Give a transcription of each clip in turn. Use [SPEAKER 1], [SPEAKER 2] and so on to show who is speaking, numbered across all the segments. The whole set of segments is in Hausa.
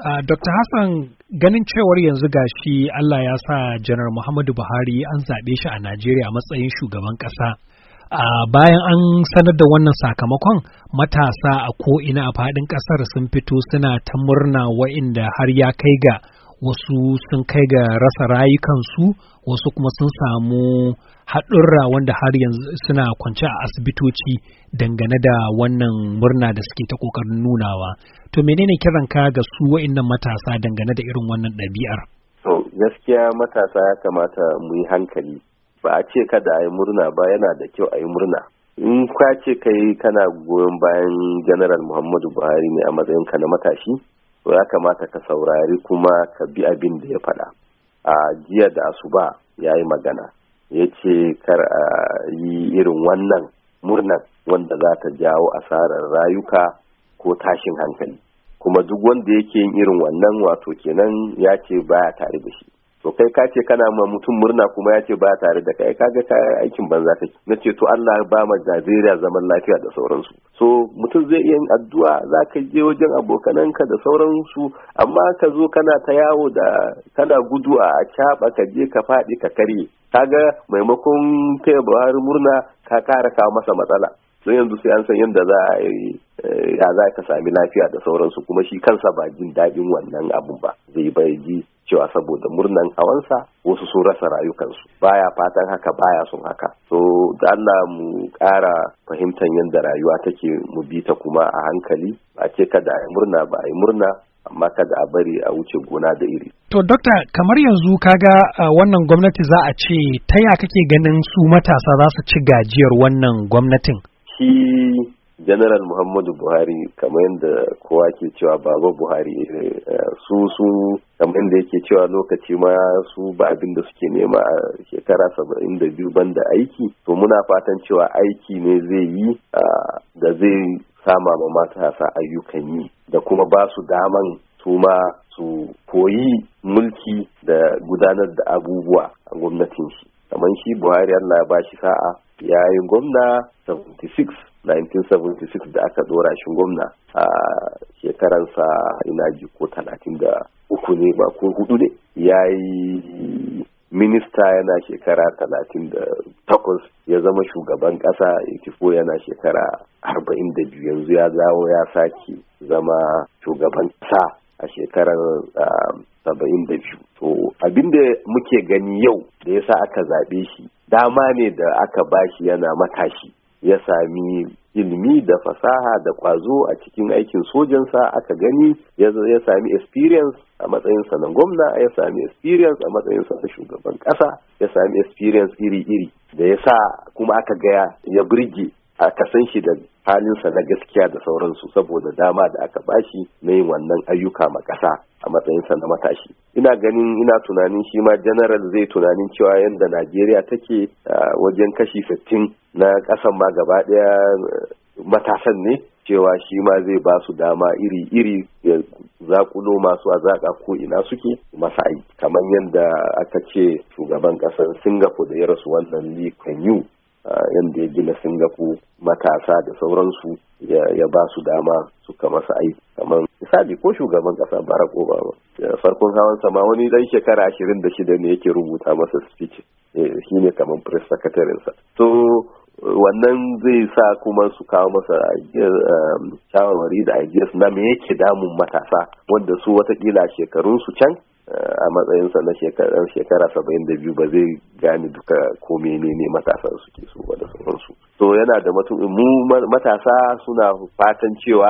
[SPEAKER 1] Ah, Dr. Hassan ganin cewar yanzu gashi Allah ya sa Janar Muhammadu Buhari an zaɓe shi a Najeriya a matsayin shugaban ƙasa. Uh, bayan an sanar da wannan sakamakon matasa a ko'ina a faɗin ƙasar sun fito suna ta murna wa'inda har ya kai ga wasu sun kai ga rasa rayukansu wasu kuma sun samu haɗurra wanda har yanzu suna kwance a asibitoci dangane da wannan murna da suke ta ƙoƙarin nunawa to menene kiranka ga su wa'innan matasa dangane da irin wannan ɗabi'ar
[SPEAKER 2] to gaskiya matasa ya kamata mu yi hankali ba a ce kada a yi murna ba yana da kyau a yi murna in kwace kai kana goyon bayan general muhammadu buhari ne a matsayinka na matashi to ya kamata ka saurari kuma ka bi abin da ya faɗa a jiya da asuba ya yi magana ya ce kar a yi irin wannan murnan wanda za ta jawo asarar rayuka ko tashin hankali kuma duk wanda yake yin irin wannan wato kenan ya ce baya tare da shi to kai ka ce kana ma mutum murna kuma ya ce baya tare da kai kaga ka aikin banza kake na ce to Allah ba ma jazeera zaman lafiya da sauransu so mutum zai iya yin addu'a za ka je wajen abokananka da sauransu amma ka zo kana ta yawo da kana gudu a caɓa ka je ka faɗi ka karye kaga maimakon taya buhari murna ka kara kawo masa matsala don yanzu sai an san yadda za a yi eh, ya za ka sami lafiya da sauransu kuma shi kansa ba jin daɗin wannan abun ba zai bai ji cewa saboda murnan hawansa wasu sun rasa rayukansu baya fatan haka baya sun haka so da Allah mu ƙara fahimtar yadda rayuwa take mu bi ta kuma a hankali a ce kada a yi murna ba a yi murna amma kada a bari a wuce gona da iri.
[SPEAKER 1] To dokta kamar yanzu kaga ga wannan gwamnati za a ce ta ya kake ganin su matasa za su ci gajiyar wannan gwamnatin?
[SPEAKER 2] Shi general muhammadu buhari kamar yadda kowa ke cewa baba buhari eh, su su kamar yadda yake cewa lokaci ma su ba abin da suke nema a shekara saba'in da biyu banda aiki to muna fatan cewa aiki ne zai yi da zai sama ma matasa ayyukan yi da kuma ba su daman su ma su koyi mulki da gudanar da abubuwa a gwamnatin shi kamar shi buhari allah ya ba shi sa'a ya gwamna 76 1976 da aka dora shi gwamna a shekaransa ina ji ko talatin da uku ne ba ko hudu ne ya yi minista yana shekara talatin da takwas ya zama shugaban kasa ikifo yana shekara arba'in da biyu yanzu ya zawo ya sake zama shugaban kasa a shekarar saba'in da biyu to abinda muke gani yau da yasa aka zaɓe shi dama ne da aka bashi yana matashi ya sami ilimi da fasaha da kwazo a cikin aikin sojansa aka gani ya sami experience a matsayinsa na gwamna ya sami experience a matsayinsa na shugaban ƙasa ya sami experience iri-iri da ya sa kuma aka gaya ya birge a kasan shi da halinsa na gaskiya da sauransu saboda dama da aka bashi na yin wannan ayyuka ma ƙasa a matsayinsa na matashi ina ganin ina tunanin shi ma general zai tunanin cewa yadda najeriya take wajen kashi sittin na ƙasan ma gaba ɗaya eh, matasan ne cewa shi ma zai ba su dama iri-iri ya zakulo masu a zaka ko ina suke masa aiki kamar yadda aka ce shugaban ƙasar singapore da ya rasu wannan lee yadda ya gina singapu matasa da sauransu ya ba su dama suka masa aiki kamar misali ko shugaban kasa barack obama farkon hawan sama wani dan shekara ashirin da shida ne yake rubuta masa speech eh, shi ne kamar press sa to wannan zai sa kuma su kawo masa shawarwari da ideas na me yake damun matasa wanda su watakila shekarun su can a matsayinsa na shekara saba'in da biyu ba zai gane duka ko menene matasan suke so ba da sauransu to yana da mu matasa suna fatan cewa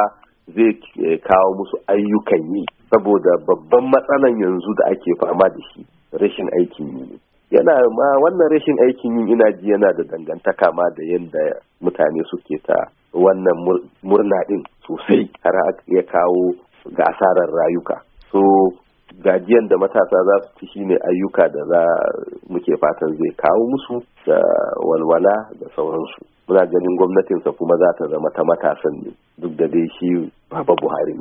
[SPEAKER 2] zai eh, kawo musu ayyukan yi saboda babban matsalan yanzu da ake fama da shi rashin aikin yi yana ma wannan rashin aikin yi ina ji yana da dangantaka ma da yadda mutane suke ta wannan murna din sosai har ya kawo ga asarar rayuka so gajiyan da matasa za su ci shine ayyuka da za muke fatan zai kawo musu da walwala da sauransu muna ganin gwamnatinsa kuma za ta zama ta matasan ne duk da dai shi baba buhari ne